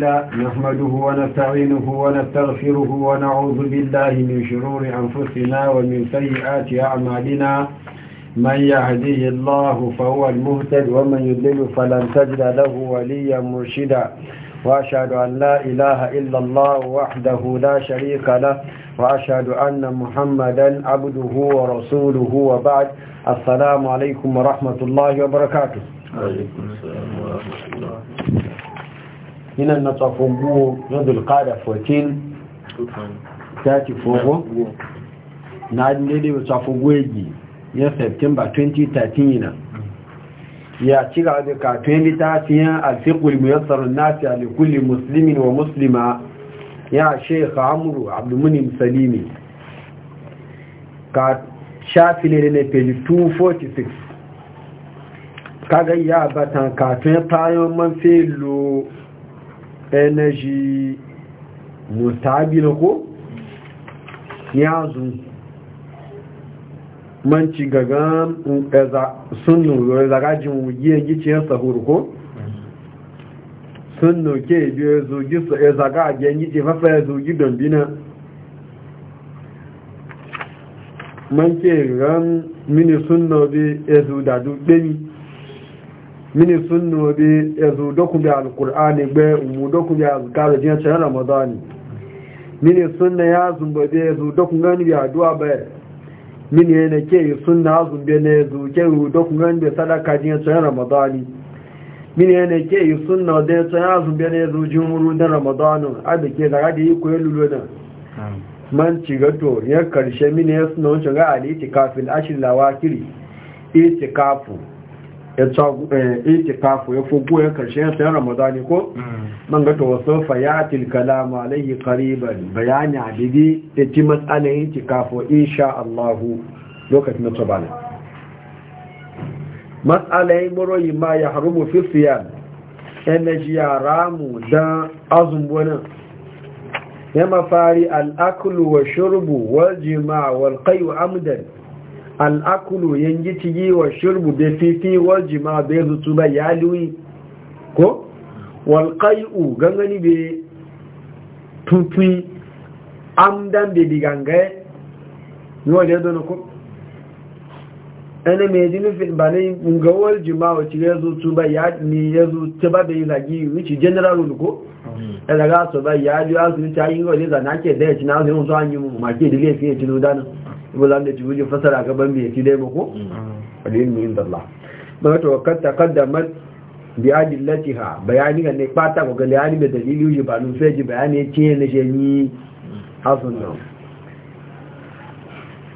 لا نحمده ونستعينه ونستغفره ونعوذ بالله من شرور أنفسنا ومن سيئات أعمالنا من يهديه الله فهو المهتد ومن يضلل فلن تجد له وليا مرشدا وأشهد أن لا إله إلا الله وحده لا شريك له وأشهد أن محمدا عبده ورسوله وبعد السلام عليكم ورحمة الله وبركاته عليكم السلام ورحمة الله ina na tsafin guwo na dulkada 14 34 na daidai da ya september 2013 na. ya ci gaba da kafin littafiyan alfiƙul muyassarun nasi a likulli musulmin wa musulma ya shekha amuru abdulmunim salimi ka shafi ne na page 246 kaga ya batan kafin tayon man felo energy mutabi na ko yanzu manci gaga mm, sunnu yau zagajin wujiyan giciyar sahur ko sunnu ke biyo ya zogi ya zaga a giyan gice fafa ya zogi don bina man ke ran mm, mini sunnu bi ya zo da duk ɗani mini sunnu bi yazo doku bi alqur'ani be mu doku bi azkar din chana ramadan mini sunna ya zumba be yazo doku ngani bi addu'a be mini ene ke sunna zumbe ne yazo ke doku ngani bi sadaka din chana ramadan mini ene ke sunna de ta zumbe ne yazo jumuru da ramadan abi ke da gadi ko yulu da man ci cigato ya karshe mini ya sunna wancan ga ali tikafil ashil lawakiri itikafu Eh, itikafu ya fugu ya karshe ya sayan ramadani ko mm. man ga tawaso ya ya tilkalam alayhi qariban bayani adidi da ti matsalar itikafu insha Allah lokacin na tabana matsalai yi ma ya harumu fi siyan energy ya ramu dan azumbunan ya mafari al-aklu wa shurbu wal jima' wal qay' amdan al'akulu yangi cigi wa shirbu da fifi wal jima bai zutu ba ya luwi ko walƙai'u gangani bai tufi amdan bai digangaye yawon ya zana ku ɗana mai ji ba na ga wal jima wa ci ya zutu ba mm. ya ne ya zutu ba yi zagi wuce general ko ya daga su ba ya ji asibiti a yi wa ya zanake ke da ya ci na zuwa an yi mu ma ke dile fiye cin nudanin ba za mu fasara gaban bai ci dai ba ko alilmi min Allah ba ta wakar takaddamar biyadin latiha bayani ga ne kwata ga ani da dalili wuji ba nun sai ji bayani ce na ni hasun nan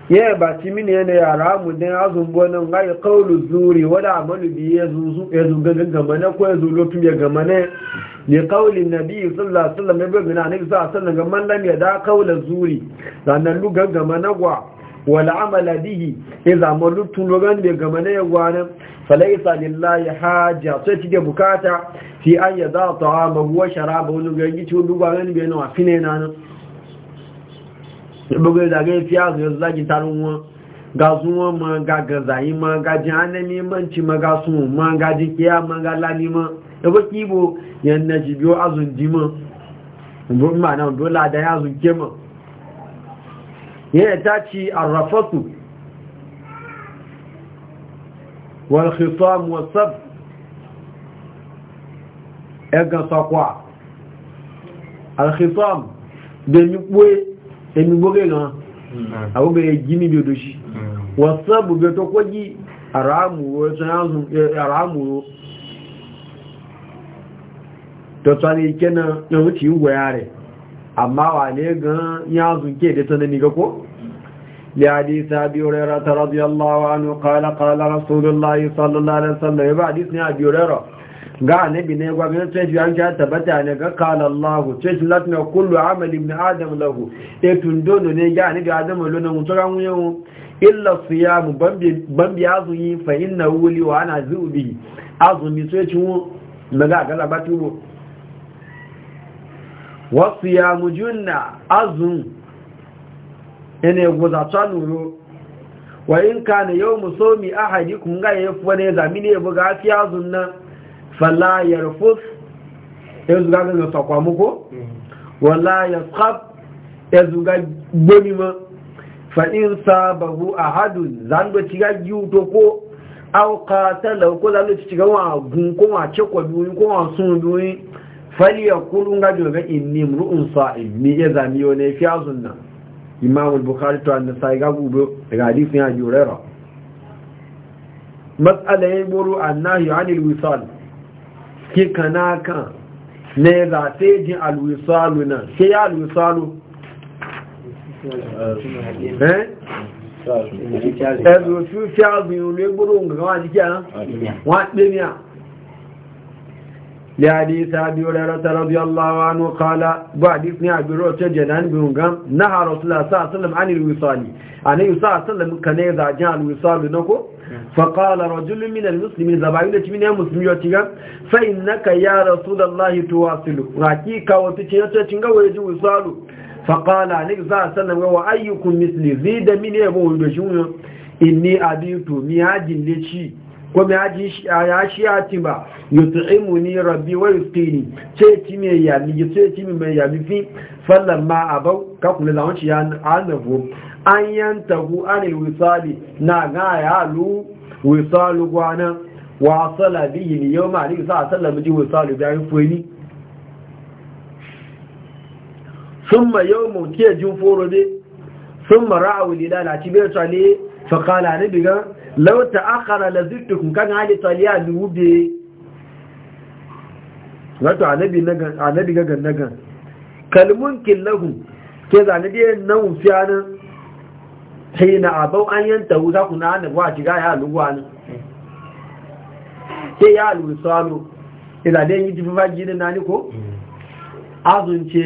ya ba ci ne yana yara mu dan azun nan ga ya zuri wala amalu bi yazu yazu ga gama na ko yazu lotu ya gama ne ni qawli nabi sallallahu alaihi wasallam ya bi na nabi sallallahu alaihi wasallam man ya da qawla zuri dan lu ga gama na gwa wala amala bihi idza marrutu logan da gama ne gwanan falaisa lillahi haja sai kike bukata fi an yada ta'ama wa sharaba wani gangi ci wani gwanan bai nawa fine na nan bugai da ga fiya zo zaki tarun wa ga zuwa ma ga gazayi ma ga jihanami manci ma ga su ma ga jikiya ma ga lami ma da ba kibo yan na jibiyo azun jima ma na dole da ya zuke ma yana ta ci arrafatu wal khitam wasab ẹgan sakwa al khitam da nukwe emi gbogbo gan agogo ya ji níbi odoshi wasab bai to kwaji aramuro to tsari kenan yawon ci yi waya rẹ̀ amma wa ne ga ya zuke da ta nani ga ko ya di sabi urera ta radiyallahu anhu rasulullahi sallallahu alaihi abi urera ga annabi ne gwa bin sai ya ga ne ga kullu amali ibn adam lahu e tun dono ne ga annabi adam lo ne bambi bambi yi fa wuli wa ana zubi azumi sai ci wasu ya na azun yana guza canuro wa in ka na yau musomi ahadi kun ga ya fi wani zami ne ya buga fi azun nan falla ya rufus ya zuga ga sakwamuko wala ya tsab ya zuga gbomi ma a sababu ahadun zango ci ga giuto ko auka talau ko zango ci ga wa gun ko wa cekwa biyu ko wa sun biyu falyakulu ga joga inni mru'un sa'im mi ya zami wani fi azunna imam al-bukhari to an-nasai ga gubo daga hadisi ya jurera mas'ala ya buru annahi anil wisal ki kana kan ne za sai jin al-wisalu na ki ya al-wisalu eh ẹ̀rù fífí àgbìyànlẹ́gbòrò ǹgbọ̀n wà ní kí a wọ́n pè ní à لحديث أبي هريرة رضي الله عنه قال بعدثني أبي هريرة جنان بيونغام نهى رسول الله صلى الله عليه وسلم عن الوصال أنا صلى الله عليه وسلم كان إذا جاء الوصال نكو فقال رجل من المسلمين زبايلة من المسلمين يتغام فإنك يا رسول الله تواصل ركيك وتتنغى ويجي وصال فقال عليه صلى الله عليه وسلم وأيكم مثلي زيد من يبوه بشونه إني أبيت ميعاد لشي kuma ya shi ya ti ba yutu'imu ni rabbi wa yusqini ce ti me ya ni ce ti me ya mi fi fallan ma abau ka kula da wanci ya anabu an yantahu anil wisali na ga ya lu wisalu gwana wa sala bihi ni yawma ali sa sallam ji wisalu da yin fuini thumma yawmu ke jin foro de thumma ra'u lidala tibeta ne fa qala nabi ga law ta'akhara la kuka kan hali taliya lube wato annabi nagan annabi gagan nagan kalmun killahu ke zanabi nan Sai na abau an yanta wuta kuna annabi wa shiga ya lugwa nan. Sai ya lusalo ila dai yi jifa na nani ko azunce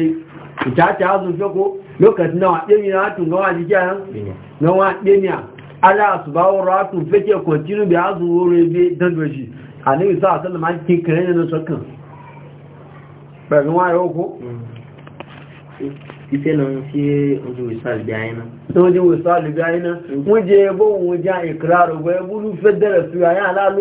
ta ta azunce ko lokacin nawa demi na tunga wa jiya nan nawa demi ala su ba wa ratu fake kontinu bi azu wore bi dandoji annabi sa sallama an kin kare ne sokan ba ga wa yoko ife nan fi ojú wisal bi ayina ojú wisal bi ayina wọ́n mm. je bo wọ́n ja ikraru wa bulu federe su aya ala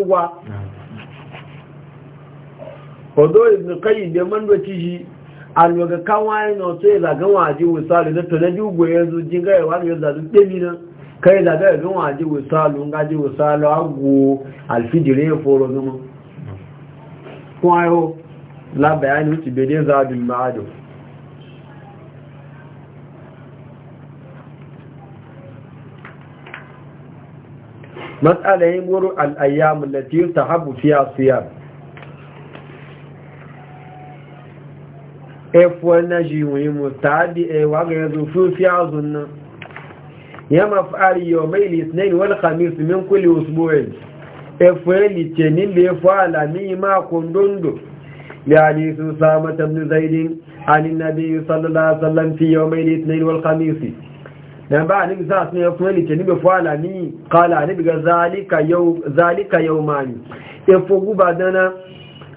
kodo mm. ibn qayyim da man do ci alwaga kawai no sai la ga waji wisal da to na ju go yanzu jinga ya wani yanzu da demi kai da bẹ́ẹ̀ gan waje wasalu ga ji wasalu agwo alfijire foro gama ko ayo la bayani ni ó ti ma'ad mas'ala yin wuru al-ayyam allati yustahabu fiha siyam efuwa na ji wuyi mutadi ewa eh, ga yanzu fi fiya yama fari yawmai lisnain wal khamis min kulli usbu'in efeli tenin le fala mi ma kundundo yani su samat ibn zaid an annabi sallallahu alaihi wasallam fi yawmai lisnain wal khamis dan ba ni za su efeli tenin be fala mi qala ni bi zalika yaw zalika yawman efogu badana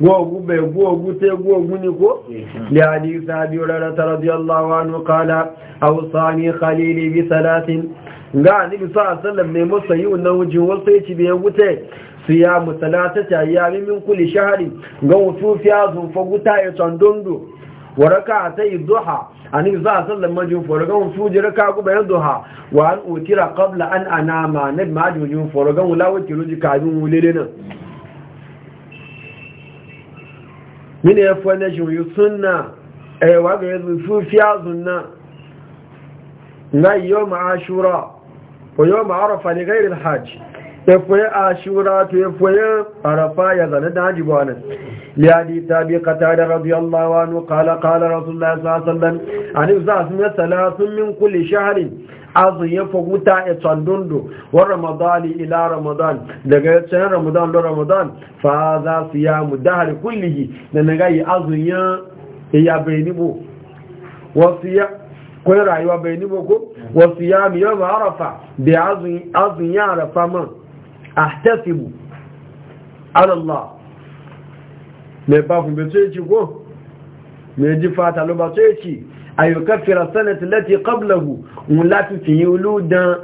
gogu bai gogu te gogu ne ko da hadisa rarata radiyallahu anu kala hausani khalili bi salatin ga annabi sallam ne masa yi wasu ya ci bai su ya musalata ta yari min kuli shahari ga wasu fiya zunfa guta ya candondo waraka ta yi duha annabi a sallam majin forogan su ji raka ku bayan duha wa an utira qabla an anama nabi majin forogan wula wakilu ji kabin wulele nan من يفعلنا جمع يصنع أي وقع يضفو في عظنا من يوم عاشوراء ويوم عرفة لغير الحاج يفعل عاشوراء ويفعل عرفة يظن دعجبانا لأدي تابي قتال رضي الله عنه قال قال رسول الله صلى الله عليه وسلم عن افزاس ثلاث من كل شهر azu ya fahuta ya tsandundu wa ramadani ila ramadan daga yacin ramadan da ramadan fa za su ya mu dahar kullihi da na gayi azu ya ya bai nibo wasu ya kun rayuwa bai nibo ko wasu ya mu yau harafa da azu ya a man ahtasibu alallah mai bafin bai ce ci ko mai ji fata lo ba ce ci a yi kafira sanata lati qablahu mun lati fi yi ulu dan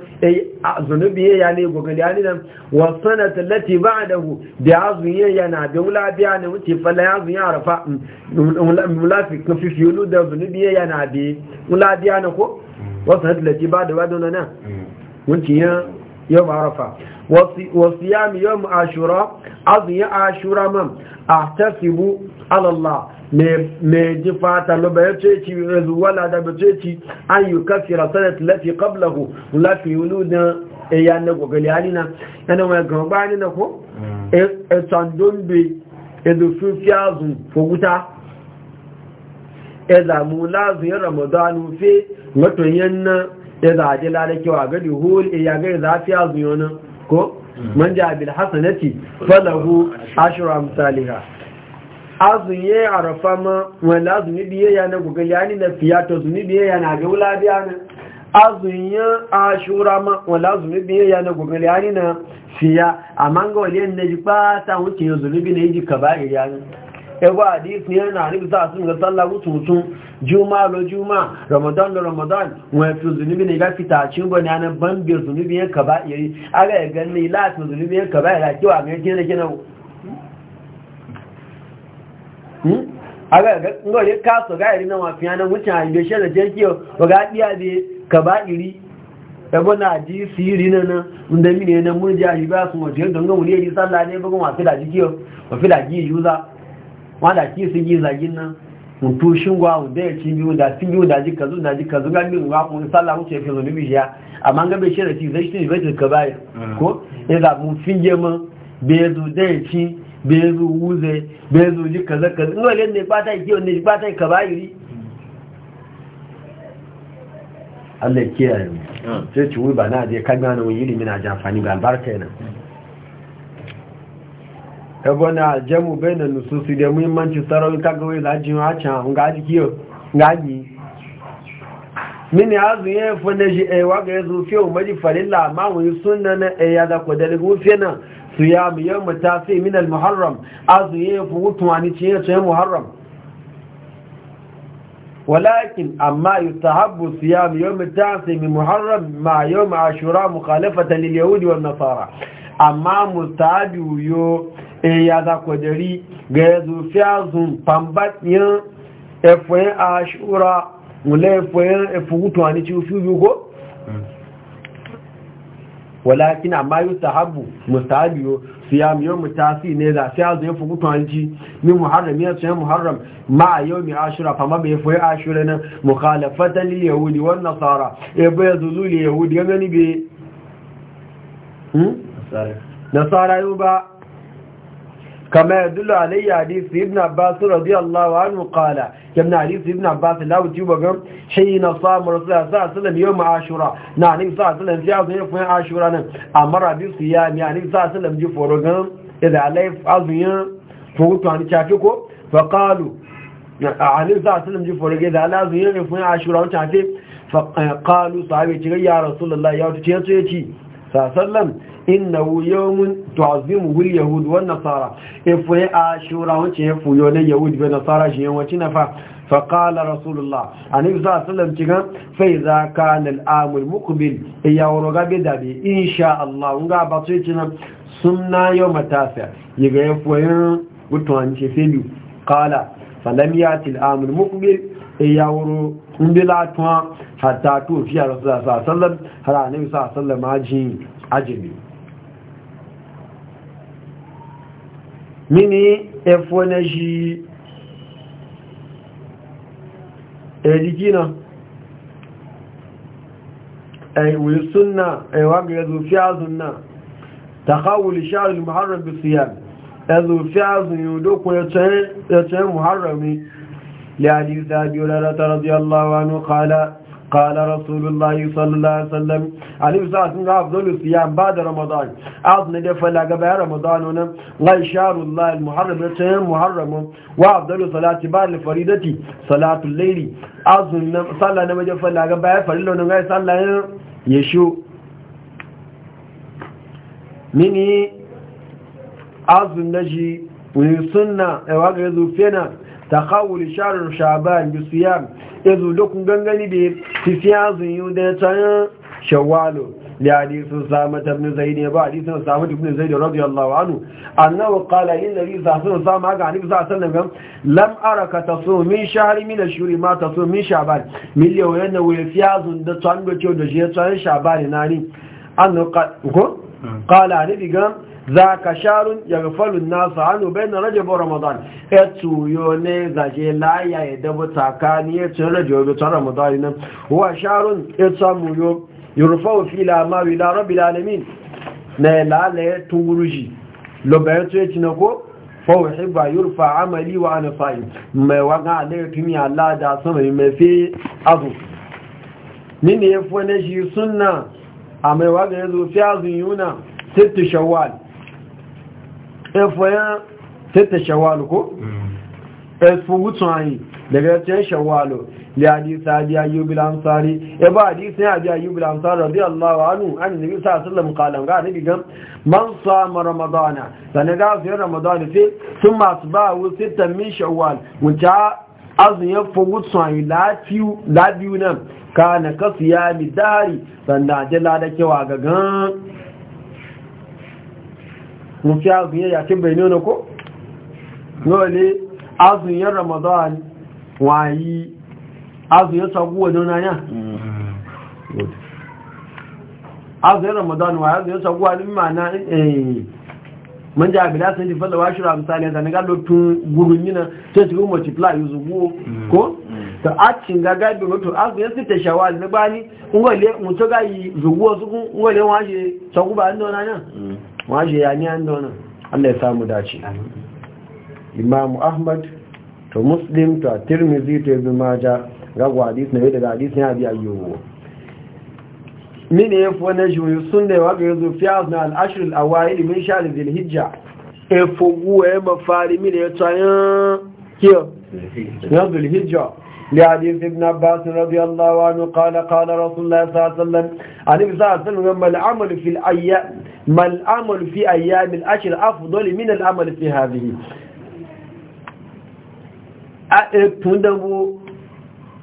zunubi ya yane gogali ya nidan wa sanata lati ba'dahu bi azun ya yana bi wula biya ne wuce falla ya azun ya arafa mun lati fi fi ulu dan zunubi ya yana bi wula biya ne ko wa sanata lati ba'da wa dona nan wuce ya yau arafa wa siyami yau ashura azun ashura man a tasibu Allah mai ji fata lo ce ci wala da ba ci an yi kafira sanat lafi kablahu lafi yulu e na ya na gogali halina yana wani gaba ni na ko a mm. e, e sandun bi edufin fiyazu foguta mu lazu yin ramadanu fi matoyin na ya zaje lalakewa gadi hul iya gari zafiya yana ko mm. man ja bil hasanati falahu ashra amsalha azunye a rafa ma wanda azunye biyayya na gugali ya ni na fiyata azunye biyayya na ga wula biya na azunye a shura ma wani azunye biyayya na gugali ya ni na fiya a manga wale na ji ba ta wuce ya bi na yi jika ba iriya ne ebe hadis ne na nufi sa sun ga sallah wutu mutum juma lo juma ramadan lo ramadan wani fi zunubi ne ga fita cin ba ne ana ban biyar zunubi ya ka ba iri aga ya gani la fi zunubi ya ka ba iri a kewa mai kina kina aga ga ngo ye kaso ga iri na wa fiya na wuce a ibe shela je kiyo ba ga biya be ka ba iri da bona ji siri na na inda mine na mun ja yi ba su mu je don ga wuri iri sallah ne ba ga da fida ji kiyo wa fida ji yuza wa da ki su ji zagin nan mutu shingwa wa da ci biyu da ci biyu da ji kazu da ji kazu ga min ga mun sallah mu ce fi zo bibi ya amma ga be shela ci zai shi ne bai ka ba ko ya mm. da mun finge mun be zo da ci bezu wuze bezu ji kaza kaza in wale ne bata yi kiwon ne bata yi kabayiri Allah ya kiyaye mu sai ci wuri ba na je kan gano wani yiri na ji amfani ga albarka yana ta gwana jamu bai na nususu da muhimmanci sarari ta wai za ji wa can ga ji kiyo ga ji mini azu ya fi shi ewa eh, ga yanzu zo fiye umaru farilla ma wani sunana, eh, ya eya da kwadar gufe na صيام يوم التاسع من المحرم أضيف وطواني شيء محرم ولكن أما يتحب صيام يوم التاسع من محرم مع يوم عاشوراء مخالفة لليهود والنصارى أما مستعد يو إيا ذا قدري غيزو فيازم ين إفوين عاشوراء ولا إفوين إفوين وطواني شيء يوغو walakin amma ta yustahabu mustahabiyo siyam yawm tasi ne da sai fi yafu mutanci min muharram ya sai muharram ma yau yawmi ashura fama ma bai fa ashura nan mukhalafatan lil yahudi wan nasara e bai zulul yahudi gani be hmm? nasara yau ba كما يدل عليه حديث ابن عباس رضي الله عنه قال كما حديث ابن عباس لا وتيبغم حين صام رسول الله صلى الله عليه وسلم يوم عاشوراء نعني صلى الله عليه وسلم في يوم عاشوراء امر بالصيام يعني صلى الله عليه وسلم جي فورغم اذا عليه عظيم فوت عن تشافيكو فقالوا عليه صلى الله عليه وسلم جي فورغ اذا لازم يوم عاشوراء تشافي فقالوا صحابي يا رسول الله يا تشيتي sallam innahu yawmun tu'azzimuhu al-yahud wan nasara ifu ashura wace ya fuyo na yahud da nasara shi yawanci nafa fa qala rasulullah annabi sallam kiga fa idza kana al-am muqbil ya bi bidabi insha Allah nga batu yicina sunna yawma tasa yiga ya fuyo gutuwan ce felu qala falam yati al-am muqbil ya woroga in bi latuwa hatta to fiya rasu da sa sallam har anabi sa sallam aji ajimi mini efo na shi erigina aiwuyi suna aiwa ga zufi azunna ta kawo lishari muharram bi siyam ya fi azun yi dokun ya tsaye muharrami لعلي ذابي ولرة رضي الله عنه قال قال رسول الله صلى الله عليه وسلم علي الصلاه والسلام افضل الصيام بعد رمضان أظن ده فلاغه بعد رمضان ون شهر الله المحرم رتين محرم وافضل صلاه بعد الفريضه صلاه الليل اذن صلى نما فلاغه بعد فريضه ون نعم، غير صلى يشو مني أظن نجي ويسنى اواغ فينا takawul sharar shaban bi siyam duk lokun gangani da tafiya zunyu da tsayin shawalo da hadisun samat ibn zaid ne ba hadisun samat ibn zaid radiyallahu anhu annahu qala inna li zasun sama ga annabi sallallahu alaihi wasallam lam araka tasum min shahri min ashhuri ma tasum min shaban min yawan da wafiya zun da tsayin da tsayin shaban na ni annahu qala annabi za ka sharun ya gafalun nasu hannu bai na rajaba ramadan ya tuyo ne zaje laya ya dabu tsakani ya cin rajaba da ta ramadan nan wa sharun ya samu yo yurfau fila ma wila rabi lalami na ya lalaye tunguruji lobayar tuye cinako fawon hibba ya rufa amali wa ana fa'in mai waka alẹ́rẹ̀kí ni aláàdá sama yìí mai fi azù nini ya fọ́nẹ́ shi suna a mai waka ya zo fi azun yuna 6 shawwal efoyan tete shawalu ko esfungu mm. tsanyi daga tete shawalu da hadisa abi ayyub al-ansari e ba hadisi ne abi ayyub al-ansari radiyallahu anhu an nabi sallallahu ramadana sanaga fi ramadana fi thumma asbahu sittan min shawwal wuta azun ya fungu kana kasiyami dari sannan da kewa gagan fi azuye ya ce bai nuna ko? yole azuyen ramadan wayi azuyen na nuna ya? azuyen ramadan wayi azuyen saguwa ni mana eh, mun ji abila sun jifar da washira misali da na gado tun gurin yana ta cikin multiply yi zubu mm. ko? Mm. ta acin gaga bi mutu azuyen su ta shawali na bani ngole mutu ga yi zubu wasu ngole washe saguwa nuna waje ya niyan da wani allai samu dace imamu Ahmad to Muslim to tirmizi to Ibn Majah ragwa hadis ne daga hadis ne abi ayyubu min yafo na sun da yawa ga yuzu fiyaz na al'ashir al'awai ilimin sha da shahr dhil-hijja e fogu e mafari mini ya tayan kiyo na dhil-hijja لحديث ابن عباس رضي الله عنه قال قال رسول الله صلى الله عليه وسلم عن ابن صلى الله عليه وسلم ما العمل في الأيام ما العمل في أيام العشر أفضل من العمل في هذه أتندبو إيه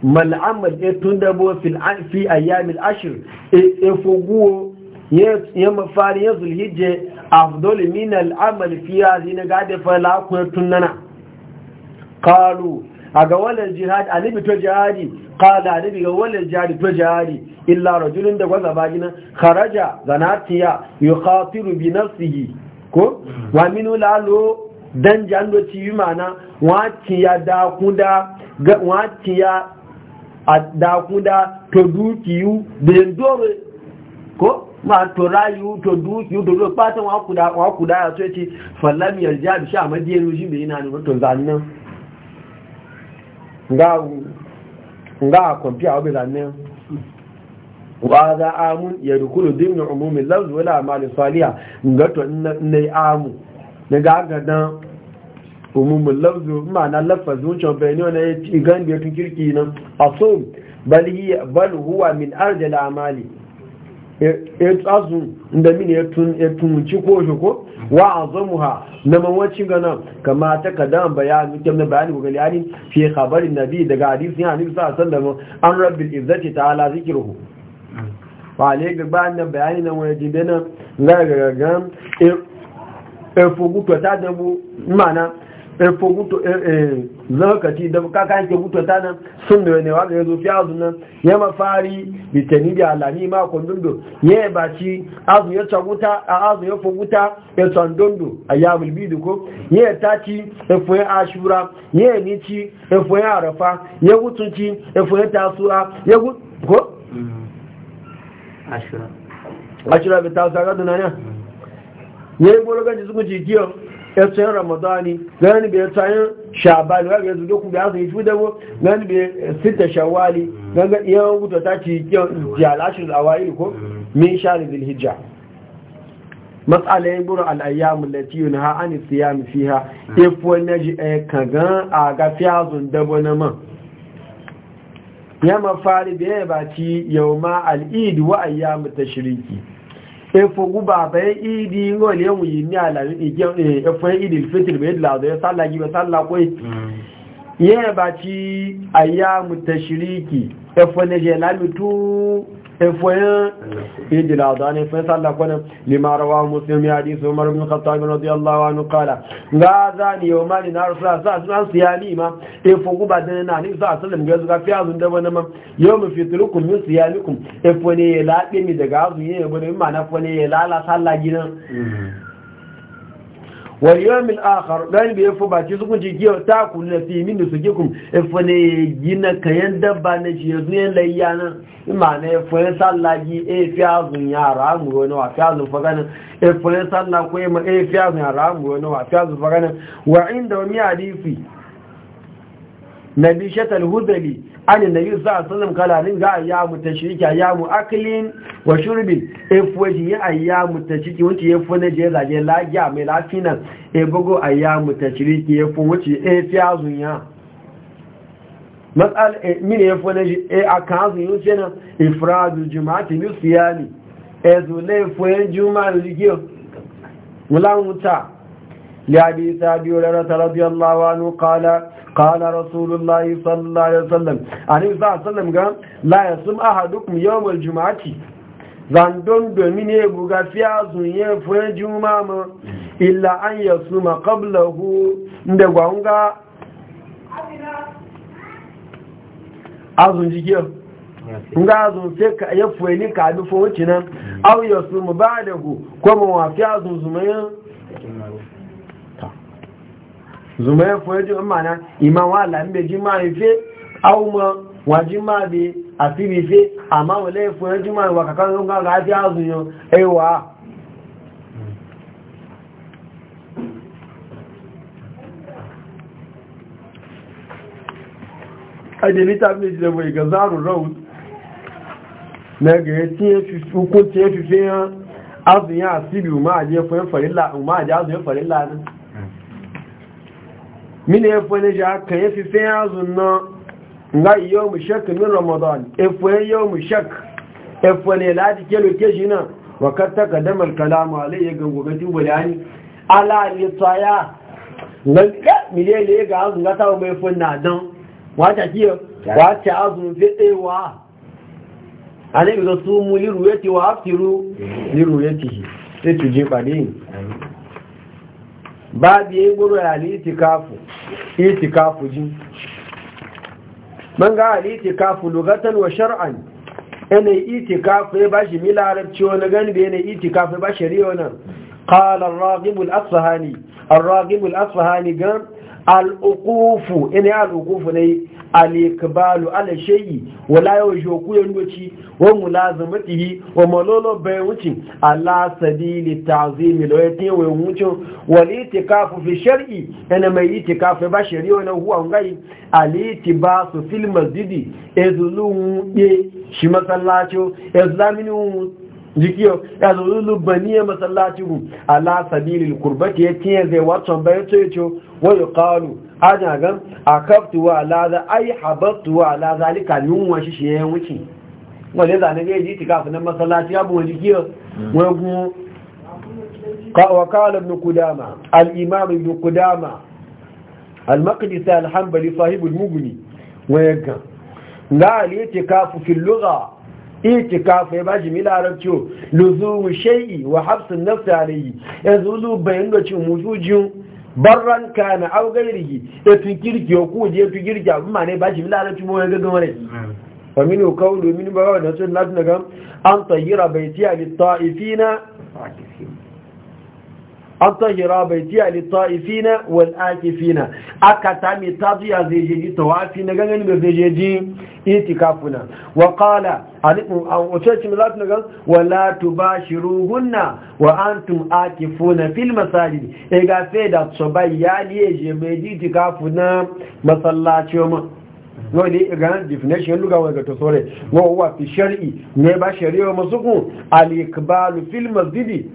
ما العمل أتندبو إيه في في أيام العشر أفقو إيه، يمفاري يزل الهجة أفضل من العمل في هذه نقاد فلا كنتنا قالوا a ga wannan jihadi a nabi to jihadi a libi ga wannan jihadi to jihadi illa rajulun da gwaza bagi nan kharaja zanatiya yukhatiru bi nafsihi ko wa minu lalo dan jando ci yi mana wati ya dakuda wati ya dakuda to dukiyu da dore ko ma to rayu to dukiyu to dole fatan wa kuda wa kuda ya so yace fallam yarja bi sha madiyanu shi bai yana ne to zanen nga a kwamfi a wabila ne wa za a mun ya rukunu dimna umumin lauzu wala amalin saliya ga to na yi amu na ga dan umumin lauzu ma'ana lafazin wucin bayani na ya ci gan biyar tun kirki nan a so bal huwa min arjala amali ya e, tsazu e, da mini ya e tunci ko shi ko wa azamu ha na mawaci gana kama ta kadan bayani kyan na bayani gugali yani fi khabarin nabi daga hadisi ya a san da an rabbil izzati zikir zikirhu. ba ne gaba na bayani na wani jibe na ga ga ta da mana efo guto lokaci e, e, da kakan ke guto ta nan sun da ne wanda ya zo fi azu nan ya mafari bitani da alami ma kondondo ya yi baci azu ya tsaguta a azu ya foguta ya tsandondo a ya bulbidu ko ya yi taci efo ya ashura ya yi nici efo ya arafa ya gutunci efo ya tasura ya gut ko? Mm-hmm. ashura ashura bai tasura ga dunaniya ya mm-hmm. yi bologaji sukunci kiyon yacin ramadani gani bai tayin shabali wa yanzu duk bai hasa yi dawo gani bai sita shawali ganga yawan wuta ta ci jalashin awa'il ko min shari zilhijja Matsalai ya buru al'ayyamun da ci yunha an siyami fiha ifuwa na ji a eh, kagan a ga fiyazun dabo na man ya mafari da ya baci yau ma al'id wa ayyamu ta shiriki Efo efogu baba ya idi ngo le mu yi ni ala ni je efo idi fitil be la de sala gi be sala ko mm. ye ba ci ayyamu mutashiriki efo ne je la lutu efoyin idila da ne fa sallah kwanan limarawa muslim ya hadisi umar bin khattab radiyallahu anhu qala ga za ni yawma ni nar sa sa sun siyali ma efo guba da na ni sa sallam ga zuga fi azun da wannan ma yawm fitrukum min siyalikum efo ne ya labe mi daga azu ne ya bada mana fo ne ya lala sallah gidan mm. wal yawm al akhar dan bi fu ba ci sukun ci ta ku na fi min su gikum e fu ne gina kayan dabba na ci yanzu yan layyana ma ne e fu sallaji e fi azun yara mu wani wa fi azun fagana e ko e ma e fi azun yara mu wani wa fi azun fagana wa inda mi hadisi nabi shatal hudali an nabi za a sanar kalanin ga ayyamu shirki ayyamu aklin wa shurbin efwaji ya ayyamu shirki wuce ya fune je zage. lagya mai lafina e bugo ayyamu shirki ya fi wuce e fiyazun ya mas'al min ya fune je e akazu yuce na ifradu juma'ati musiyali e zule fuen juma'a rigiyo mulan wuta li abi sabi wa radiyallahu anhu qala قال رسول sallallahu alaihi الله عليه za sallam ga la قال لا yawm احدكم يوم الجمعه ya buga fiya zunye furen juma ma illa an yasuma qablahu inda gwanga azun nga sai ka ni ka bi au ba da ku kuma wafi azun zuma ya fuwa ji mana iman wa lambe jima ife au ma wa jima bụ asiri i amma wala ya fuwa jima wa kakan zun ga gafi fi da bai na ga dị tiye hukunci ya fi fiye azun ya asiri ya mini efo ne ja ka ya fi fiye azun na nga yau mu shak min ramadan efo ya yau mu shak efo ne ladi ke loke shi na wakar ta kadamar kalamu alai ya gangu ga tubu da ni ala ya tsaya nan ka miliyan ne ga azun ga ta mai fun na dan wata kiyo wata azun fi e tsewa alai ga su mu liruwati wa aftiru liruwati sai e tuje badin babu yayi guru ya itikafu kafu ji man ga kafu itikafu lugatan wa shar'an ana itikafu ya bashi mi larabci wani gani bai ne itikafu ya bashi riyo nan qala ar-ragib asfahani ar asfahani gan al'ukufu ina al'ukufu ne al'ikbalu ala shayi wala yau shoku ya noci wa mulazamatihi wa malolo bai wuce ala sabili ta'zimi da yake wa wucin wal itikafu fi shar'i ina mai itikafu ba shari'a na huwa ngai al itibasu fil masjidi ezulun ye shi masallaci ezlaminu jiki yau ya zo lullu baniya masallacinmu a lasabilin kurbaki ya tiye zai watan bayan coyoco wani kalu a jagan a kaftuwa laza ai habartuwa laza alika yunwa shi shi ya yi wuce wani ya ne zai jiti kafin masallaci ya buwa jiki yau hmm. wani kuma kawakala ibn kudama al'imam ibn kudama al-maqdisa al-hambali sahibul muguni wani ga ga aliyar ce kafufin lura itikaf ya bashi mila arabci luzumu shay'i wa habsun nafsi alayhi yanzu zu bayan da cin musujin barran kana aw gairihi ya kirki ko je tu kirki amma ne bashi mila arabci mo ya ga gamare فمنه قوله من بواد نسل نتنقم أن طهر بيتي للطائفين أن طهر بيتي للطائفين والآكفين أكتامي تضيع itikafuna wa qala alikum an wacce mi zatu nagan wala tubashiruhunna wa antum akifuna fil masajid e ga fe da so bayali e je me itikafuna masallaci ma wani e ga definition luga wa ga to sore wa huwa fi shar'i ne ba shari'a masuku al ikbalu fil masjid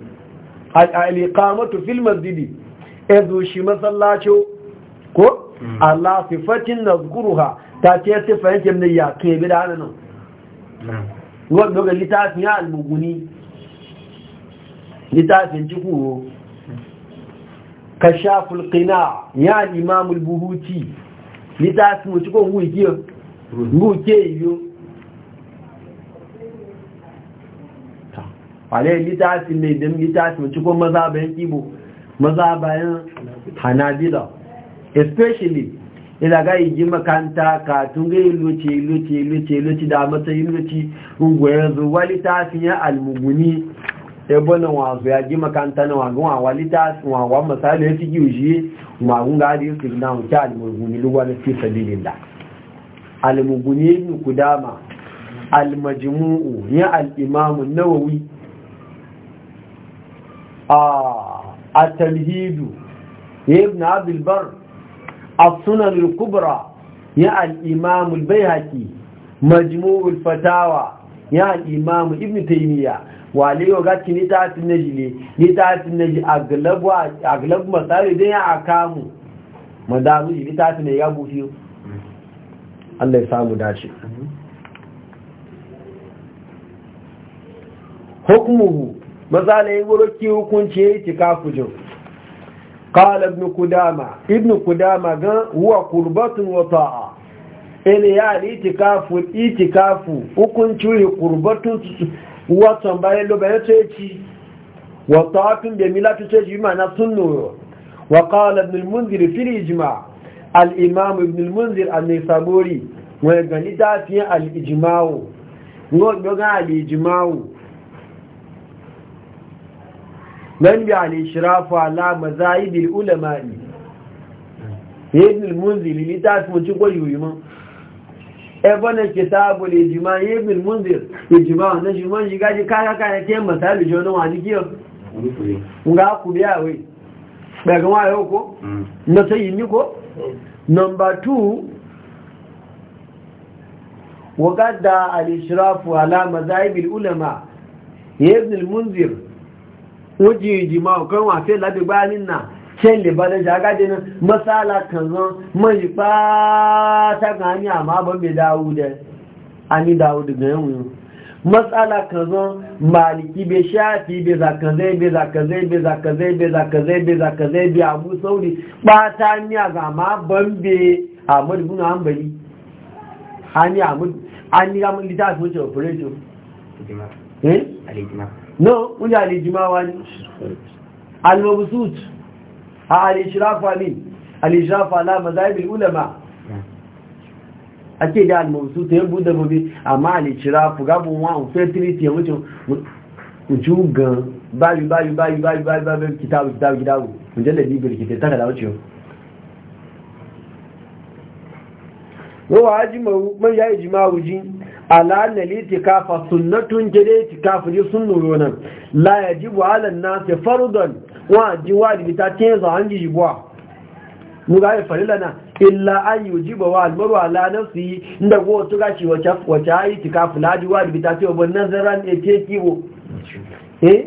al iqamatu fil masjid ezu shi masallaci ko hmm. Allah sifatin nazkuruha ta ce sai fahimci mai ya ke bi da hannun wanda daga littafin ya almuguni littafin cikuro ka shaful qina ya limamul buhuti littafin cikon wuke wuke yiwu wale littafin ne don littafin cikon maza bayan kibo maza bayan hanabila especially ila ga yi makanta katun ga yi loce loce loce loce da matsayin loce ungoyar zuwa littafin almuguni ebe na wasu ya ji makanta na wagon wawa littafin wawa misali ya fi yi uji magun ga adi yusuf na wuce almuguni luwa na fi sabilin da almuguni ibn kudama almajimu'u ya al'imamu nawawi a ah, talhidu ibn abdulbar السنن kubra يا الإمام البيهقي مجموع الفتاوى يا الإمام ابن تيمية wale yau gaci ni ta hatin na jile ni ta hatin na ji a galabu matsari ya a kamu madamu ji ni dace hukumuhu matsalayin wuro ki hukunci ya yi tikafujin قال ابن قدامة ابن قدامة هو قربة وطاعة ele ya ni itikafu itikafu hukuncin qurbatun watan bayan lo bayan ceci wa ta'atun bi milatu ceci ma'ana sunnu wa qala ibn al-munzir fi al-ijma' al-imam ibn al-munzir an-nisaburi wa gani da fi al-ijma'u ngo ga al-ijma'u من بعد الإشراف على مذاهب العلماء ابن المنذر لتعرف من تقول يوما ابن الكتاب الإجماع ابن المنذر إجماع نجمع يقال كاكا كان يتيم مثال جونا وعديكي ngaku biya we daga waye ko na sai ni ko number 2 وقد الاشراف على مذاهب العلماء ابن المنذر wọ́n jí ìjìmọ̀ ọ̀kan wà fẹ́ ani nínà ṣe lè bá lẹ́jà agájẹ́ náà mọ́sálà kànzán mọ́ be ní be bọ́m̀bẹ̀ dáúdẹ̀ àní dáúdẹ̀ gẹ̀ẹ́wìn be kànzán màlìkí bẹ ṣáàtì bẹ zàkànzẹ́ bẹ zàkànzẹ́ bẹ zàkànzẹ́ bẹ zàkànzẹ́ bẹ zàkànzẹ́ bẹ àbúsọ́rì pátá ní àmà bọ́m̀bẹ̀ àmọ́dìbùnà àmbẹ̀lì Eh? no wọ́n yà alìjìmá wá ní alìmọ̀bùsùt alìṣìráfà ní alìṣìráfà aláàmàzáìbì ulama ake da alìmọ̀bùsùt yẹn eh, bú dẹ̀bọ̀ bí àmá alìṣìráfà gábùn wọn àwọn fẹ́ tírítì yẹn wucin gan bayu bayu bayu bayu bayu bayu kitabu kitabu kitabu mujallar bibir kita tana da wucewa wọ́n wá ájímọ̀ mọ́ yá ìjímọ̀ àwùjí alalal itikafa sunnatun jere tikafi ji sun nuro nan la yajibu ala nasi fardan wa ji wajibi ta za an ji mu ga ya farila na illa an yujiba wa almaru ala nafsi inda go to ga shi wace wace tikafi la ji wajibi ta ban nazaran e ce kiwo eh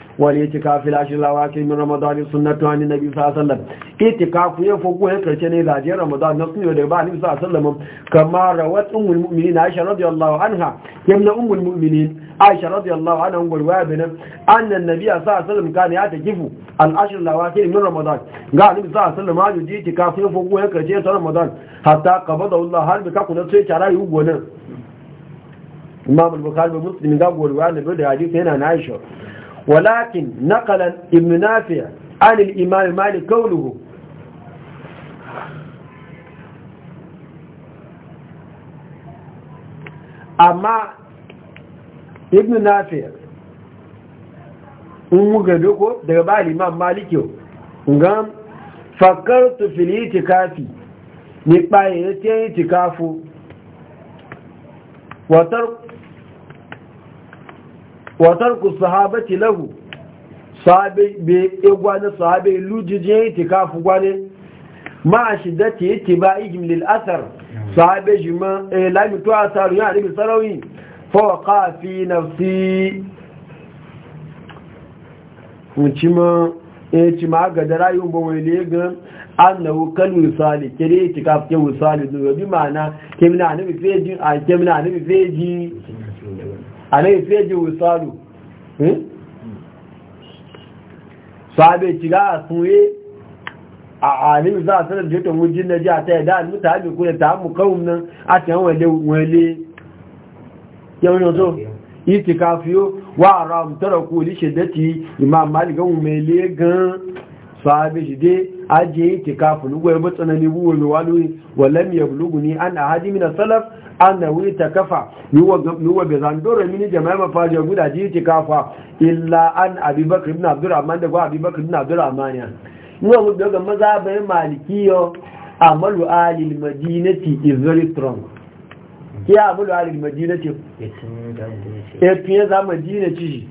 والاعتكاف في العشر الاواخر من رمضان سنه عن النبي صلى الله عليه وسلم اعتكاف يفوق يكرشه ne zaje Ramadan na sunyo daga bani sallallahu alaihi wasallam kama rawat ummul mu'minin Aisha radiyallahu Aisha radiyallahu anha ngol wa bin an-nabiy sallallahu alaihi wasallam kana ya takifu al-ashr al-awakhir min Ramadan ga annabi a alaihi wasallam ya ji itikaf yafuku yakrashe ta Ramadan hatta qabada Allah har bi ka kuna sai tara yi gonan Imam al-Bukhari da Muslim ga gorwa da hadisi yana na Aisha ولكن نقل ابن نافع عن الإمام مالك قوله أما ابن نافع umugabeko daga ba liman maliki ngam fakartu fil itikafi ni paye yake itikafu watar watar ku sahabati lahu sahabe be egwane sahabe lujije itikafu gwane ma shiddati ittiba'ihim lil athar sahabe jima e, la mutu asaru ya ribi sarawi fa waqa fi nafsi mucima e ci ma ga da rayuwa wele ga annahu kal misali kire itikaf ke misali do bi mana kemina nabi feji a kemina mi feji anai sai ji wisalu hmm? sabe kiga a suye a alim za a sanar da ta wujin na ji a ta yada mutane kuma ta mu kawun nan a can wale wale yau ne so itikafiyo wa haram taraku li shiddati imam malik gan mele gan sahabi shi dai ajiye itikafu lugu ya mutsanani buwa mai walu walam yabluguni an ahadi min salaf annahu itakafa yuwa bi zandoro mini jama'a mafaji guda ji itikafa illa an abubakar ibn abdurrahman da gwa abubakar ibn abdurrahman ya yuwa mu daga maza bai malikiyo amalu alil madinati is very strong ki amalu alil madinati e tiye za madina ci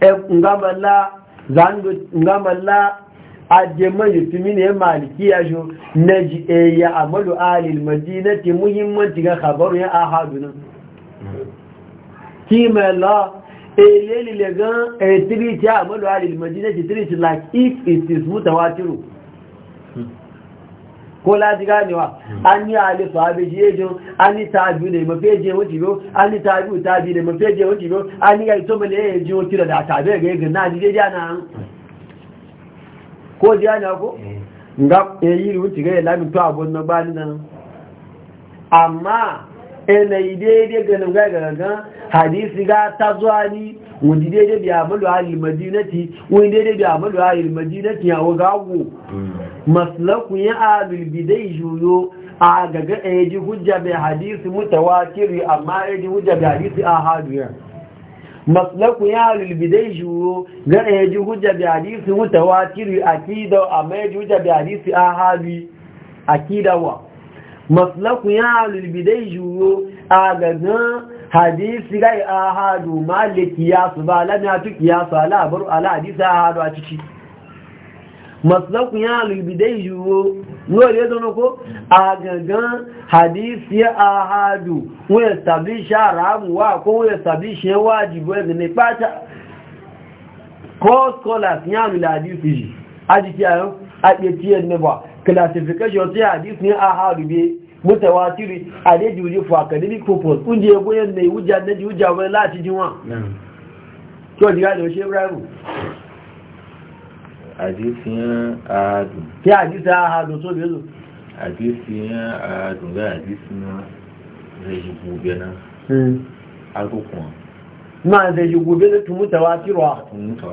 e ngamalla zando ngamalla ademman yutumi ne malikiya shi na ji eh, ya amalu alil madinati muhimmanci ga khabaru ya ahadu nan kima la eleli eh, le gan e a ya alil madinati triti like if it is mutawatiru ko láti ganewa hmm. an yi alifu abiji ejo an ni tabi ne mafeje wuce biyo an ni tabi tabi ne mafeje wuce biyo a ni ga ito mele ejo kira da tabi ga ga na jide jana ko ji ana ko nga e, yi wuce ga lami to abun na bani nan amma ina e, daidai ganin ga ga hadisi ga tazwani zuwa ni wani bi amalu ahli madinati wani daidai bi amalu ahli madinati ya go maslaku ya ahlul bidai juyo a gaga eji hujja bi hadisi mutawatir amma eji hujja bi hadisi ahadiyan maslaku ya lulbidai juro gane ya ji hujja bi hadisi wuta wa mutawatiri akida a mai ji hujja bi hadisi a ahabi akida wa maslaku ya lulbidai juro. a gagan hadisi gai ahadu maliki ya kiyasu ba lami a tuki ya su ala abaru ala hadisi a hadu a ciki maslaku ya lulbidai juro. lórí ẹ́ tọ́nà ko àgàngán hadisi ahadu wọ́n ẹ̀sàbíṣẹ́ àràmù wà kó wọ́n ẹ̀sàbíṣẹ́ wà wajibu ẹ̀sìn ní pàtà cross kolas ní àmìlà hadisi yìí ajìtì àyọ́ àpẹtí ba. classification sai hadisi ní ahadu bí mutawatiri adéjìwòye for academic purpose oúnjẹ ẹgbẹ́ ẹ̀nà ìwújà nẹ́jì ìwújà wẹ́ da jí wọn àdísíyàn àádùn zai yi gobe na alkukuwa ma zai yi gobe na tumuta wa?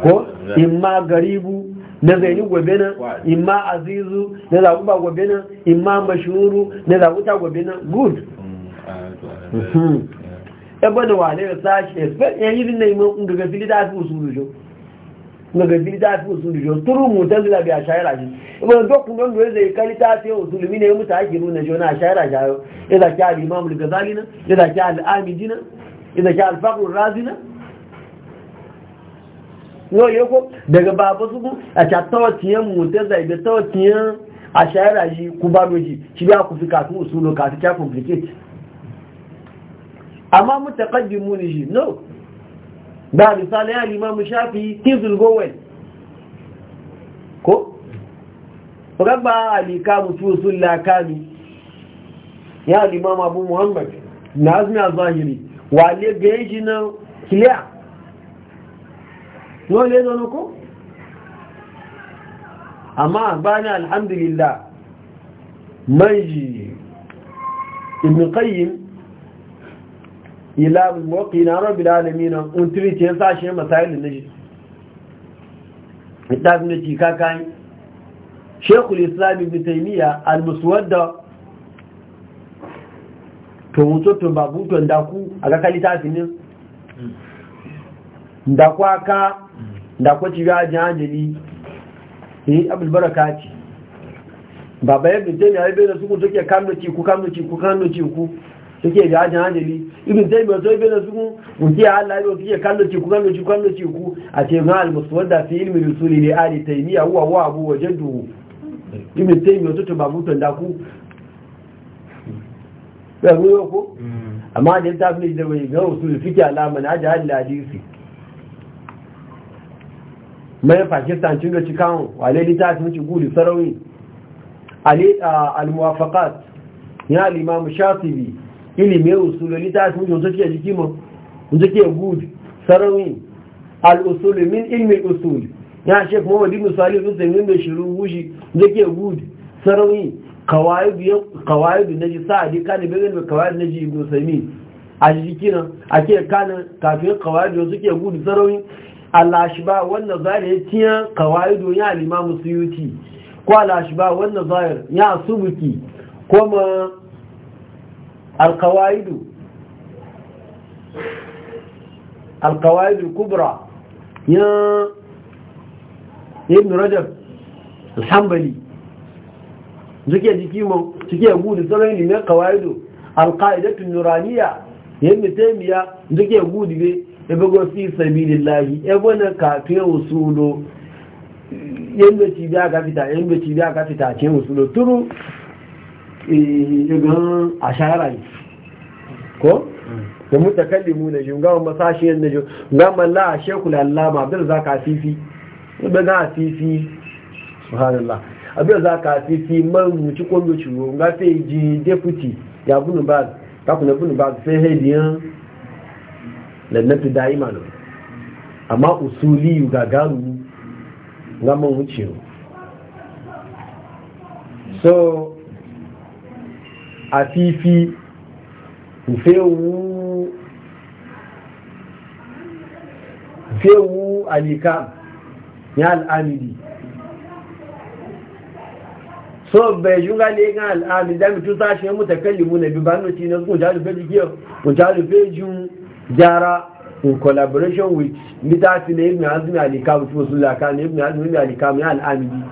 ko imma garibu na zai yi gobe na imma azizu na gobe na imma mashuru na gobe na good ebe da wale sashi ya yi rinna iman fili da aka usuru shi daga littafi usuli jo turu mu mutan zila bi a shayara shi ibn dokun don dole zai kai littafi usuli mine ya mutu ake na jona a shayara shayo ya da ki al-imam al-ghazali na ya da ki al-amidi na ya da ki al-faqr razi na no yoko daga babu su a ta mu mutan zai da tawatiyan a shayara shi ku ba roji shi ba ku fi kafin usulo kafin ta complicate amma mutaqaddimu ne shi no Da misali ya limamu shafi kizul gowen ko? rabba alika mutu sun Kami ya limamu abu muhammad na azumi a zahiri wale gaji na kiliya yau ne ko? amma bani alhamdulillah manji ibn qayyim ila mulki na alamin un tiri ce sa shi ne ne da ne ji kakan shekul islam ibn taymiya al muswadda to mutu to babu to ndaku aga kalita ne ndaku aka ndaku ci ga janjali eh abul barakati baba ibn taymiya ibn su ku take kamno ci ku kamno ci ku kamno ci ku suke ga ajin hajjali ibn zai mai zai bela su muke Allah yau suke kallo ci ku kallo ci kallo ci ku a ce ma al-musawwad fi ilmi rusuli li ali taymiya huwa wa abu wajadu ibn taymiya to ba mutun da ku ba ku yau ko mm. amma da ta fi da wai ga usul fiqh alama na ajin hadisi mai pakistan cin da cikan wale littafin ci guri sarawi ah, al-muwafaqat ya al-imam shatibi ilimin usulu littafin da suke jiki mu good gudu al al'usulu min ilmi usul ya shek muhammadu misali musulmin da shiru gushi suke gudu sarauni kawaid na ji sa'adi kan birnin da kawaid na ji ibn sami a jiki nan ake kanin kafin kawaidu good gudu al ashba wannan zahir ya tiya kawaidu ya limamu suyuti ko ashba wannan zahir ya subuki kuma alkawaidu alkawaidu kubra ya ibn rajab alhambali zuke jiki mu suke gudu sauran ilimin kawaidu alka'idatun nuraniya yadda taimiya zuke gudu ne ebe gosi sabilillahi ebe na kafin usulo yadda cibiya ka fita yadda cibiya ka fita turu gan ashara yi. ko da mutakallimu na jin gawan masashiyar na jin gaman la a shekula allama abin za ka fifi abin za a fifi subhanallah abin za ka fifi marubuci kwallo ciro ga sai ji deputy ya bunu ba kakunan bunu ba sai hediyan lannatu daima ne amma usuli gagaru gaman wucewa so afifi fewu fewu alika ni al'amidi so bai yunga ne ga al'amidi da mutu sashi ya mutakallimu na bibanu ci na ku jaru fe jiyo kun jaru fe jun jara in collaboration with litafi na ibn azmi alika wasu laka na ibn azmi alika ni al'amidi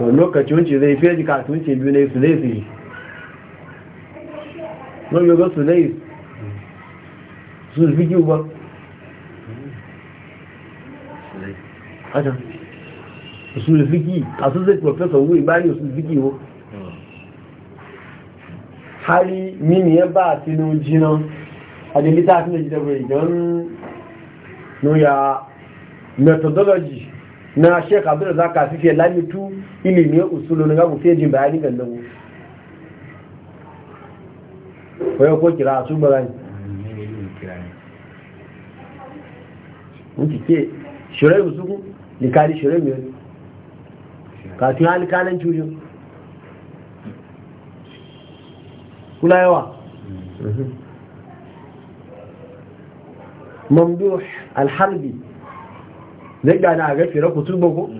to lokaci wuce zai fiye ji kasu wuce biyu na su zai su yi yoga su zai su fi giyu ba haka su fi giyu kasu zai profesa wuri ba ne su fi ba. hari mini ya ba sinu jinan adilita sinu jidan rai don noya methodology na sheik abdul zaka fi fiye lamitu ilimi ya usulu na gabu fiye jin bayani ga nan kwayo ko kira su a su mun ki ke shirai musuku likali shirai mai hali halikalan cujo kula yawa mm-hmm. mamduh alharbi zai gana a gafi raku tun boko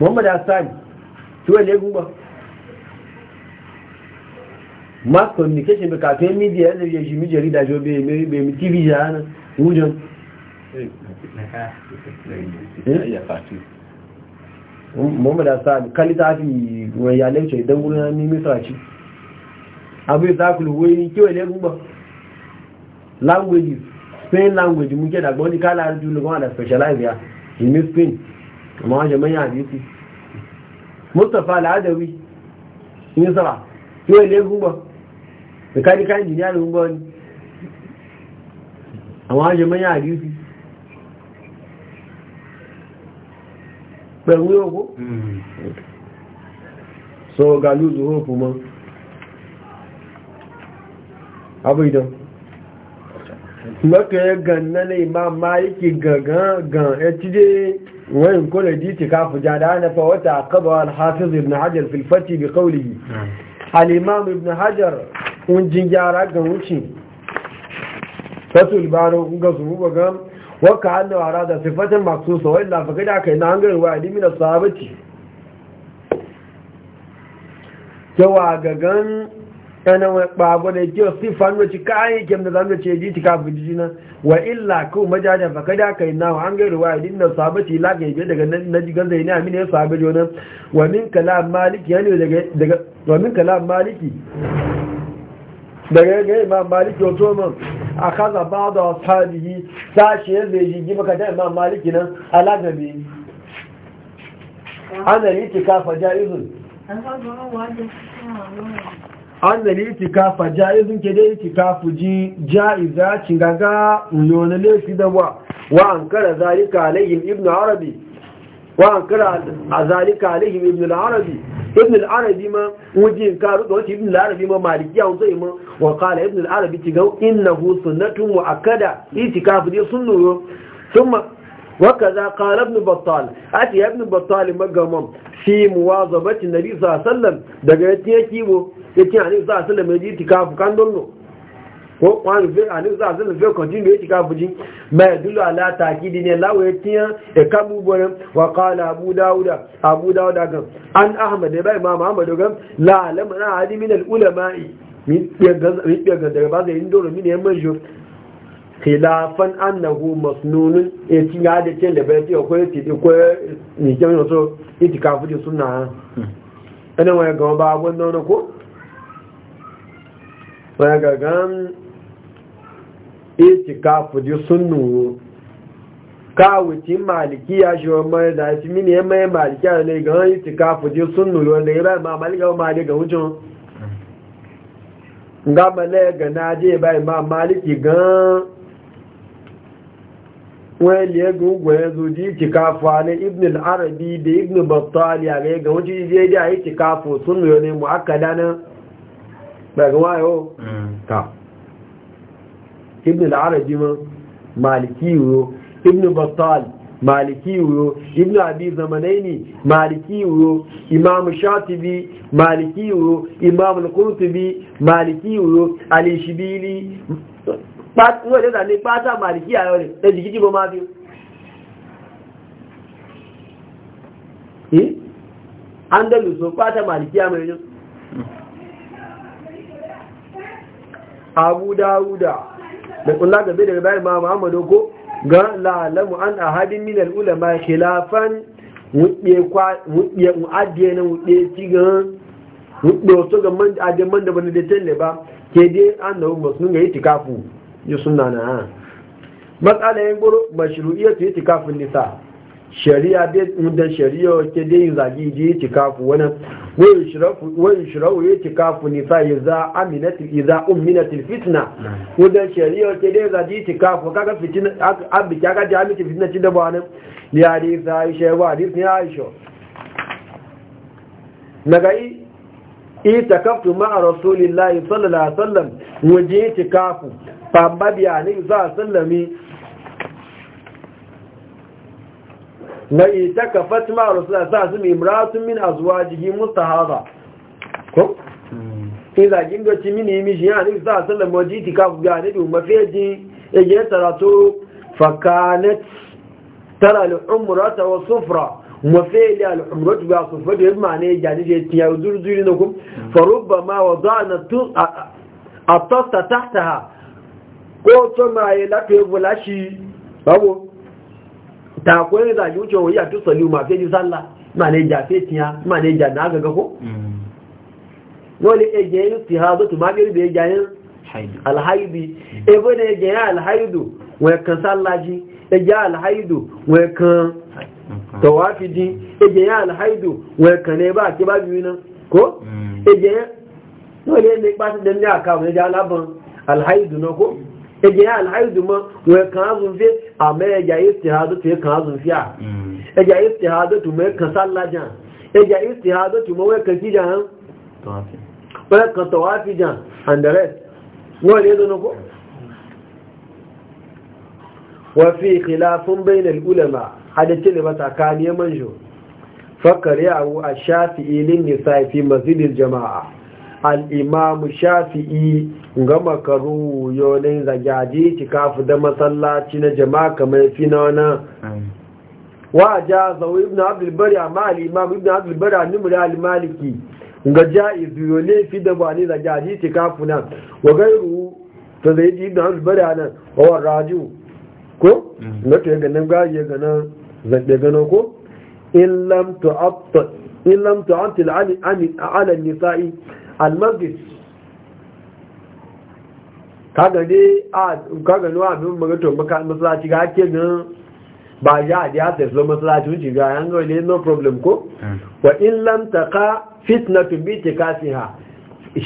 muhammadu hassani tuwe ne gugba mass communication bai kafin media yanzu ya shi mijari da jo bai mai tv hana wujan muhammadu hassani kalita fi wani yanayi idan wurin nemi sashi abu ya zakulu wani kiwa ne gugba languages spain language muke da gwani kala da specialize ya jimi spain amma mustapha ne gumba da da gumba wani amma wajen pẹ̀lú so abu idan maka ya ganna ne ma ma yake gagan gan ya ci je wayin kula diti kafu jada na fa wata akaba al-hafiz ibn hajar filfati fati bi qawlihi al Ibn ibn hajar un jinjara ga wucin fatul baro ga su ba ga wa ka annu arada sifatan maksusa wa illa fa kada kai na hangar wa alimi na sahabati cewa gagan yana wani ɓago da yake si fano ci kayan yake da zamu ce ji tika bujiji na wa illa ko majajan fa kada kai na wa an gairu wa idin da sabati e la ga yaje daga na jigan zai ne amina ya sabe jona wa min kalam maliki yani daga daga wa min kalam maliki daga ga imam maliki wato man akaza ba'da ashabihi sashi ya zai ji maka da imam maliki nan alagabi ana yi tikafa jaizun an ka zo an da itikafa jaizun ke dai itikafu ji jaiza cingaga yana laifi da wa wa an kara zalika alayhim ibnu arabi wa an kara zalika alayhim arabi Ibn arabi ma wujin ka rudo shi Ibn arabi ma maliki ya wuce ma wa qala Ibn arabi tiga innahu sunnatun wa akada itikafu dai sunnuyo thumma وكذا قال ابن بطال أتي ابن بطال مقامم في مواظبة النبي صلى الله عليه وسلم دقيت يكيبه yake ani za su da mai itikafu kan donno wani fe ani za su da fe continue itikafu jin ma dulu ne lawo yake e kamu boran wa qala abu an ahmad bai na hadi min al ulama'i min ya ga daga ba da indoro min ya manjo khilafan ko ko ko wani gagan itikafu di sunnu kawucin maliki ya shi wani mara da mini yan mayan maliki ya ne gagan itikafu di sunnu wanda ya bai ma malika wa malika ga mala ga na je bai ma maliki gan wani liya gungun ya zo a nan ibn a ga daga wayo mm. ta ibn al-arabi ma maliki yo ibn battal maliki yo ibn abi zamanaini maliki yo imam shatibi maliki yo imam al-qurtubi maliki yo al-ishbili pat wo da ni pata maliki ayo ne e jigiji bo ma bi eh andalus pata maliki amere abu dawuda da ga bai da bai ma muhammadu ko ga lalamu an a min al-ulama khilafan wudde kwa wudde na wudde cigan wudde wasu ga man man da bane da telle ba ke dai an da sun ga tikafu yi suna na matsala yin su yi tikafun nisa shari'a da shari'a ke da yin zagi ji yi tikafu wani wani shirafu yi tikafu nisa yi za aminatil iza umminatil fitna wadda shari'a ke da dai zagi yi tikafu kaga fitina abin ya gaji amince fitina ci da ba nan ya yi za a yi shaiwa a disney ya yi sho na ga yi ta takaftu ma'a rasulillahi sallallahu alaihi wasallam waje yi tikafu famba biya ne za a sallami na ita ka fatima rasulullah za su mai muratun min azwajihi mustahaba ko hmm. in zagin da ci mini mishi ya nufi sa sallan maji ti kafu ga nabi mafeji ya e je tara to fakanat tara al'umrata wa sufra mafeji al'umratu ga sufra da yamma ne ya da ya tiya zurzuri na kum hmm. farubba ma wadana tu atasta ha ko to ma ya bula shi babu ta koyi da yuce wa ya tusalu ma mafi ji sallah ma ne ja fe tiya ma ne ja na gaga ko mm. wani ejiyen istihadu tu magiri da ejiyen alhaidu ebe da ejiyen alhaidu wai kan sallaji ejiyen alhaidu wai kan ji ejiyen alhaidu wai kan ne ba ke ba biyu nan ko mm. ejiyen wani ne ba su dan ne aka wani ja laban alhaidu na ko ẹgbẹ́ aláìdùmọ́ wọn kàn án zùn fi àmẹ́ ẹgbẹ́ ayé ti ha dọ́tù ẹ kàn án zùn fi à ẹgbẹ́ ayé ti ha dọ́tù mọ́ ẹkàn sálájà ha dọ́tù mọ́ ẹkàn jíjà hàn wọ́n ẹkàn tọ̀wá fi jà àndẹ̀rẹ́ wọ́n lè dọ́nà kó. wọ́n fakari awo a shafi lin nisa fi masu jama'a al shafi'i Gama makaru yonin zagaji tikafu da masallaci na jama'a kamar finona wa ja zawo ibn abdulbari a mali imam ibn abdulbari a nimuri al-maliki ga ja'izu yole fi da ba ne zagaji tikafu na wa gairu to zai ji ibn abdulbari a nan wawan raju ko mm. na to ya ganin gaji ya ganin zaɓe gano ko in lam tu'attil ala nisa'i al-masjid kaga ne a kaga ne wa mun maga to maka masallaci ga ake nan ba ya da ya tsalo masallaci mun shiga yan ga ne no problem ko hmm. wa in ka taqa fitnatu bi tikasiha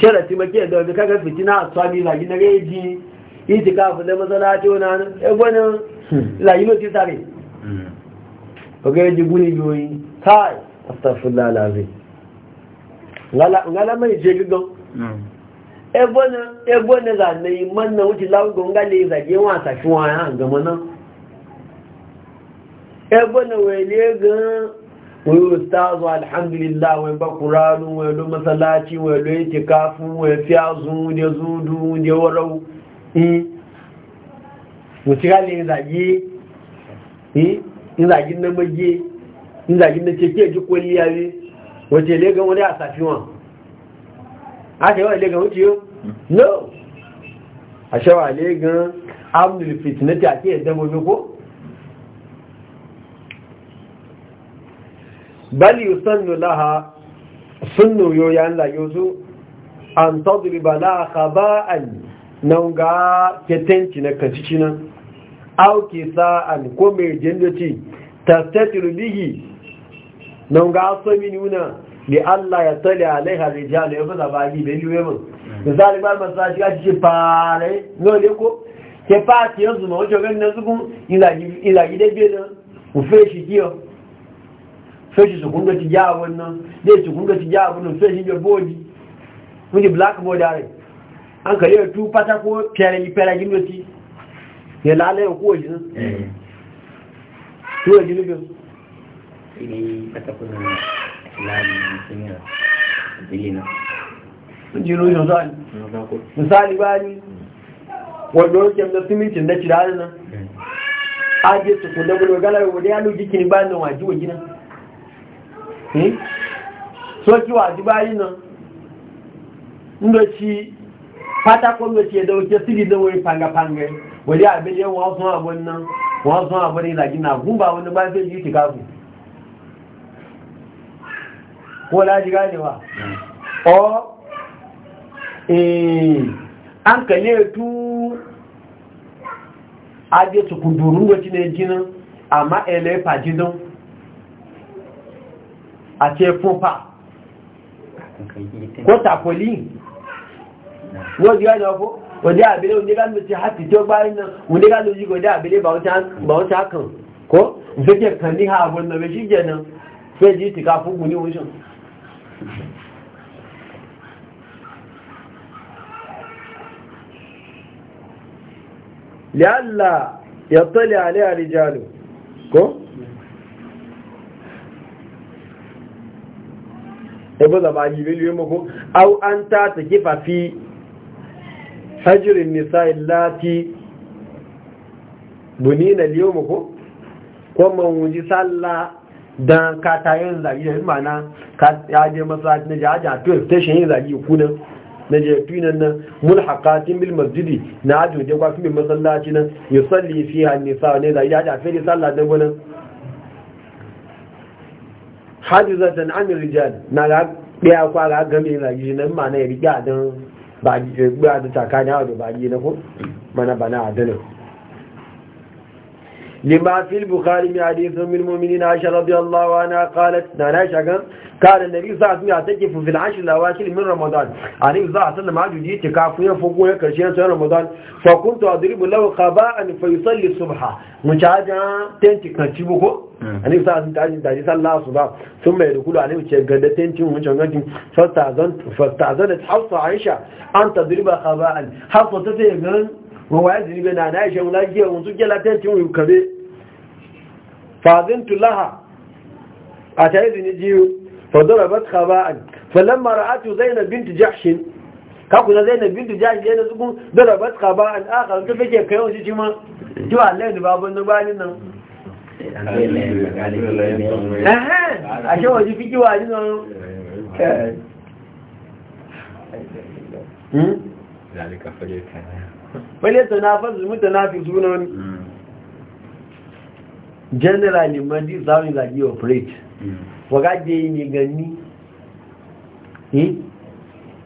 sharati make da kaga fitina asami la gina reji itikafu da masallaci wannan e eh, gwanin hmm. la hmm. yi mutu tare oge ji guni yoyi kai astaghfirullah alazim ngala ngala mai je gidan ebe na zane iman na wuce lagun gale zage wasa fi wa ya gama nan ebe na wele gan wani ustazu alhamdulillah wani bakuranu wani lo masalaci wani lo yake kafu wani fiya zun da zudu da wuce wace wani a safiwa aṣẹ́wà ilé gan ó ti yó no aṣẹ́wà ilé gan amnul fitnati àti ẹ̀dẹ́mọ́lókó bali yusannu laha sunnu yo ya nla yozu an tadriba laha khaba'an nan ga ketenci na kacici nan auki sa'an ko mai jendoci tattatiru bihi nan ga asomi nuna Ni Allah ya tsali alaiha rijalu ya baza bagi bai yiwe mun da zalibar masashi ya ci fare ne ko ke fati yanzu ma wajen ganin na zubin ilagi da biyu nan ku feshi kiyo feshi su kunga ci ja wannan zai su kunga ci ja nan wannan bodi. ya boji wani blackboard are an kare yau tu fata ko fere fere gindo ci ya lalai ko wajen nan tuwa gindo biyu jiro misali bani wanda yake da simintin da kirari nan aje su kula gudu galar wadda ya luji kini bayan nan waji wa gina so ki waji bayan nan inda ci pátákó ló ṣe ẹ̀dọ̀ oúnjẹ sí ìdílé orí pangapanga wòlé àbẹ́lẹ́ wọn sún àbọ̀ náà wọn sún àbọ̀ ní ìlàjì náà gúnbà wọn ni bá fẹ́ yìí ti ko laji ganewa o eh an kale tu aje su kudurun wacce ne jinin amma ele fajidon a ce fufa ko tapoli wọ́n yọ́ ìyàwó òdí àbílé onígbàmí ti hàtì tí ó gbá iná onígbàmí yíò òdí àbílé bàúta kan kó ìfẹ́jẹ̀ kan ní ààbò ìnàwé لألا يطلع عليها رجال كو ebe da ba yi biliyo mako au an ta ta kifa fi hajjirin nisa illati bunina liyo mako kuma sallah don katayen zagi da mana ya je masalati na jaja to station yin zagi kuna na jefi nan nan tun bil masjidi na ajo je kwafi bil masallaci nan yusalli fi hannisa ne zagi jaja fi sallah da gwanan hadizatan an rijal na ga daya kwa ga game zagi nan mana ya riga dan ba ga da takani hawa da bagi na ko mana bana adalin لما في البخاري من حديث من المؤمنين عائشة رضي الله عنها قالت عائشة قال النبي صلى الله عليه وسلم يعتكف في العشر الأواخر من رمضان عليه صلى الله عليه وسلم عجل يتكاف ينفق ويكرشين سنة رمضان فكنت أضرب له قباء فيصلي الصبح مشاهدة تنتك نتيبه ani sa sun tashi tashi sallah su ba sun mai rukulu alaihi ce ga da tentin wancan gantin fastazan fastazan hafsa aisha an wọ́n wáyé sí níbẹ̀ náà dáìṣẹ́ wọn láyé ohun tó jẹ́ látẹ́ntì wọn yóò kàbé fàzíntù láhà àtàrí sí ní jíru fọ̀dọ́rọ̀ bá ti kàbá àti fẹ̀lẹ́mara àti zainab bintu jahshin kakuna zainab bintu jahshin yana zukun dọ́rọ̀ bá ti kàbá àti ákàrà tó fẹ́kẹ̀ kai wọn sí ci ma tí wà lẹ́nu bá bọ́n bá nínú àṣẹwọ̀n sí fi kí wà nínú ذلك فليتنا na wale tanafazul mutanafizuna wani generally mandi zaun da yi operate mm. waga je yi gani eh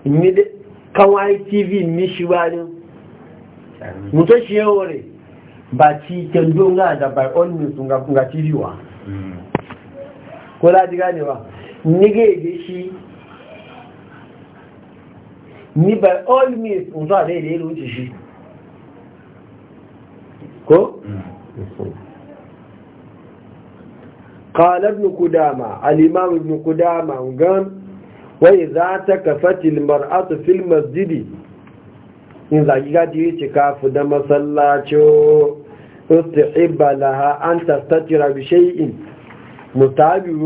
ni de kawai tv ni shi wani muto shi yore ba ci kendo nga da by all means nga kunga tv wa mm. ko la diga ne wa ni ge de shi ni by all means unzo da ile ilu shi ko قال ابن قدامة الإمام ابن قدامة قال وإذا تكفت المرأة في المسجد إن زجاجي تكاف دم صلاته استحب لها أن تستتر بشيء متابع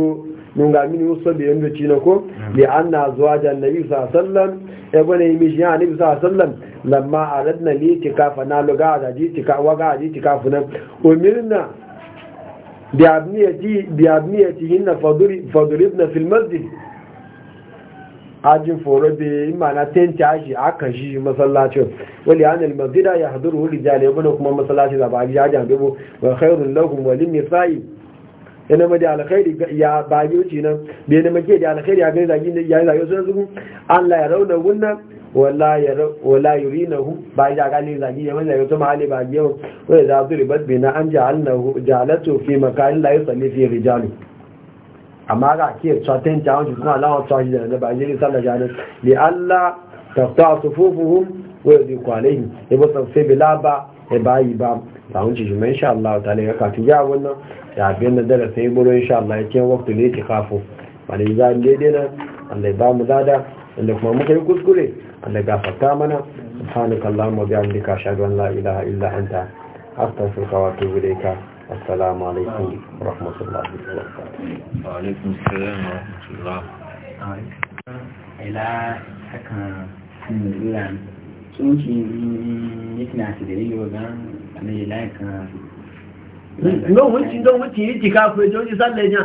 mun ga mini wasu da yanzu ci na ko da an na zuwa da annabi sallallahu alaihi wasallam ya bane mishi ya annabi sallallahu alaihi wasallam lamma aradna li itikafa na luga da ji tika wa ga ji tika funan umirna bi abniyati bi abniyati hinna faduri faduribna fil masjid ajin foro be imana tenti aji aka shi masallacin wali anil masjida yahduru rijal yabuna kuma masallaci da ba ji ajin bebo wa khairul lahum wa lin nisa'i ina ma da alkhairi ya bayo ci nan bai ne muke da alkhairi ya gani zagi ya zagi sun zugu Allah ya rauna gunnan wala ya wala yurinahu ba ya gani zagi ya wanda yato mahali ba yau wai za su ribat bi na an ja'alnahu ja'alatu fi makanin la yusalli fi rijal amma ga ke tsaten ta wani kuma Allah ta shi da ba yi sallah jana li Allah tafta sufufuhum wa yudhiqu alaihim yabo sai bilaba ba bayi ba ba wuce shi mai insha Allah ta ne ya kafin ya wannan ya biyan da dare sai buru insha Allah ya ce waktu ne ki kafu ba ne za mu daidai na Allah ba mu dada inda kuma mu kai kuskure Allah ga fata mana subhanaka Allahumma wa bihamdika ashhadu an la ilaha illa anta astaghfiruka wa atubu ilayka السلام عليكم ورحمة الله وبركاته وعليكم السلام ورحمة الله إلى حكم الإعلام سنوكي يكنا تدريب وغان lóhun tí lóhun tí ìtìká fún ẹjọ́